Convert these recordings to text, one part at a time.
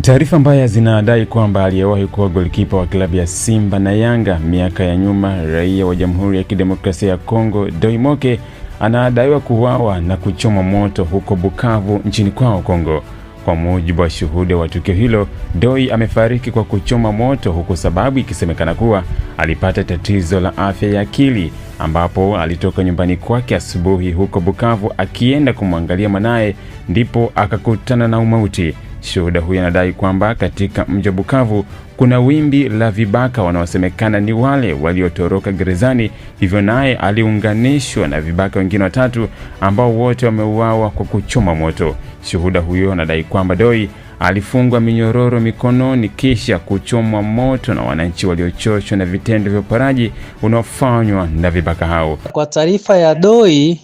Taarifa mbaya zinadai kwamba aliyewahi kuwa golikipa wa klabu ya Simba na Yanga miaka ya nyuma, raia wa Jamhuri ya Kidemokrasia ya Kongo, Doimoke anadaiwa kuuawa na kuchomwa moto huko Bukavu nchini kwao Kongo. Kwa mujibu wa shuhuda wa tukio hilo, Doi amefariki kwa kuchoma moto, huku sababu ikisemekana kuwa alipata tatizo la afya ya akili, ambapo alitoka nyumbani kwake asubuhi huko Bukavu akienda kumwangalia mwanaye, ndipo akakutana na umauti. Shuhuda huyo anadai kwamba katika mji wa Bukavu kuna wimbi la vibaka wanaosemekana ni wale waliotoroka gerezani, hivyo naye aliunganishwa na vibaka wengine watatu ambao wote wameuawa kwa kuchoma moto. Shuhuda huyo anadai kwamba Doi alifungwa minyororo mikononi kisha kuchomwa moto na wananchi waliochoshwa na vitendo vya uparaji unaofanywa na vibaka hao. Kwa taarifa ya Doi,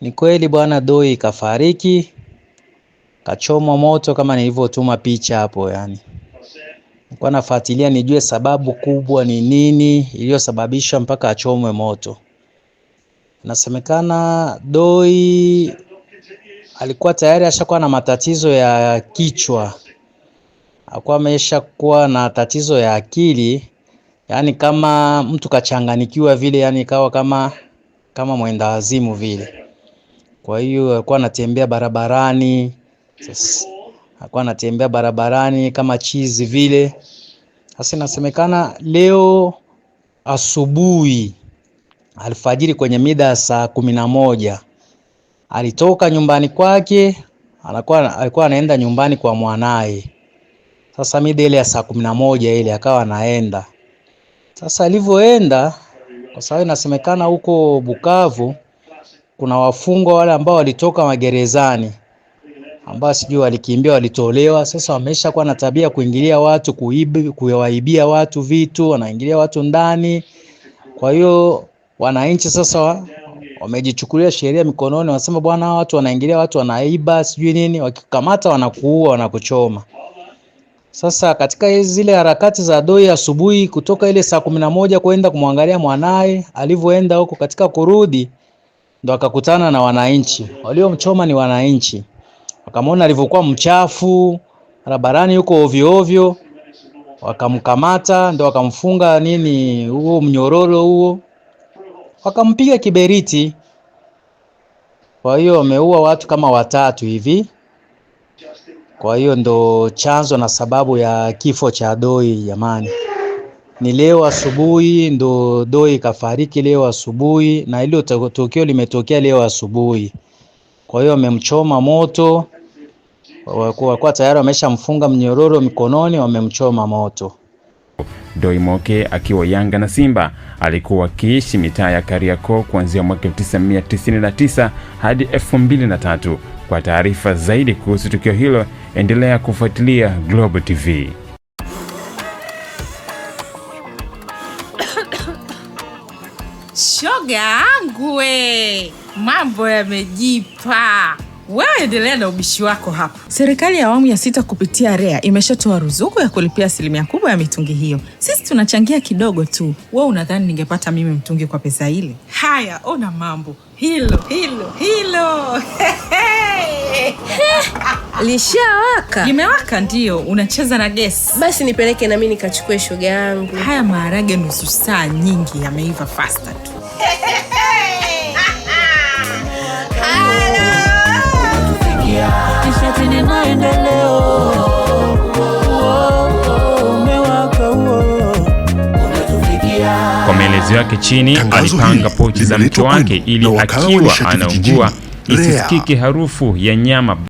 ni kweli bwana Doi kafariki kachomwa moto kama nilivyotuma picha hapo. Yani kwa nafuatilia nijue sababu kubwa ni nini iliyosababisha mpaka achomwe moto. Nasemekana doi alikuwa tayari ashakuwa na matatizo ya kichwa, alikuwa ameshakuwa na tatizo ya akili, yaani kama mtu kachanganikiwa vile, yani ikawa kama kama mwendawazimu vile. Kwa hiyo alikuwa anatembea barabarani sasa alikuwa anatembea barabarani kama chizi vile. Sasa inasemekana leo asubuhi alfajiri, kwenye mida ya saa kumi na moja alitoka nyumbani kwake, alikuwa alikuwa anaenda nyumbani kwa mwanaye. Sasa mida ile ya saa kumi na moja ile akawa anaenda sasa, alivyoenda kwa sababu inasemekana huko Bukavu kuna wafungwa wale ambao walitoka magerezani ambao sijui walikimbia walitolewa, sasa wamesha kuwa na tabia kuingilia watu kuibi, kuwaibia watu vitu, wanaingilia watu ndani. Kwa hiyo wananchi sasa wa, wamejichukulia sheria mikononi, wanasema bwana, watu wanaingilia watu wanaiba sijui nini, wakikamata wanakuua, wanakuchoma. Sasa katika zile harakati za doi asubuhi, kutoka ile saa kumi na moja kwenda kumwangalia mwanaye alivyoenda huko, katika kurudi ndo akakutana na wananchi waliomchoma, ni wananchi wakamwona alivyokuwa mchafu barabarani yuko ovyo ovyo, wakamkamata ndo wakamfunga nini huo mnyororo huo, wakampiga kiberiti. Kwa hiyo wameua watu kama watatu hivi. Kwa hiyo ndo chanzo na sababu ya kifo cha Doi. Jamani, ni leo asubuhi ndo Doi kafariki leo asubuhi, na ilo tukio limetokea leo asubuhi. Kwa hiyo wamemchoma moto wakuwa tayari wameshamfunga mnyororo mikononi, wamemchoma moto. Doimoke akiwa Yanga na Simba alikuwa akiishi mitaa ya Kariakoo kuanzia mwaka 1999 hadi 2003. Kwa taarifa zaidi kuhusu tukio hilo, endelea kufuatilia Global TV. Shoga yangu we, mambo yamejipa. Wewe endelea na ubishi wako hapa. Serikali ya awamu ya sita kupitia REA imeshatoa ruzuku ya kulipia asilimia kubwa ya mitungi hiyo, sisi tunachangia kidogo tu. Wewe unadhani ningepata mimi mtungi kwa pesa ile? Haya, ona mambo hilo hilo hilo. Lishawaka, imewaka. Ndio unacheza na gesi. Basi nipeleke nami nikachukue shoga yangu. Haya maharage nusu saa nyingi yameiva fasta tu. Kwa maelezo yake chini, alipanga pochi za mke wake ili akiwa anaungua isisikike harufu ya nyama.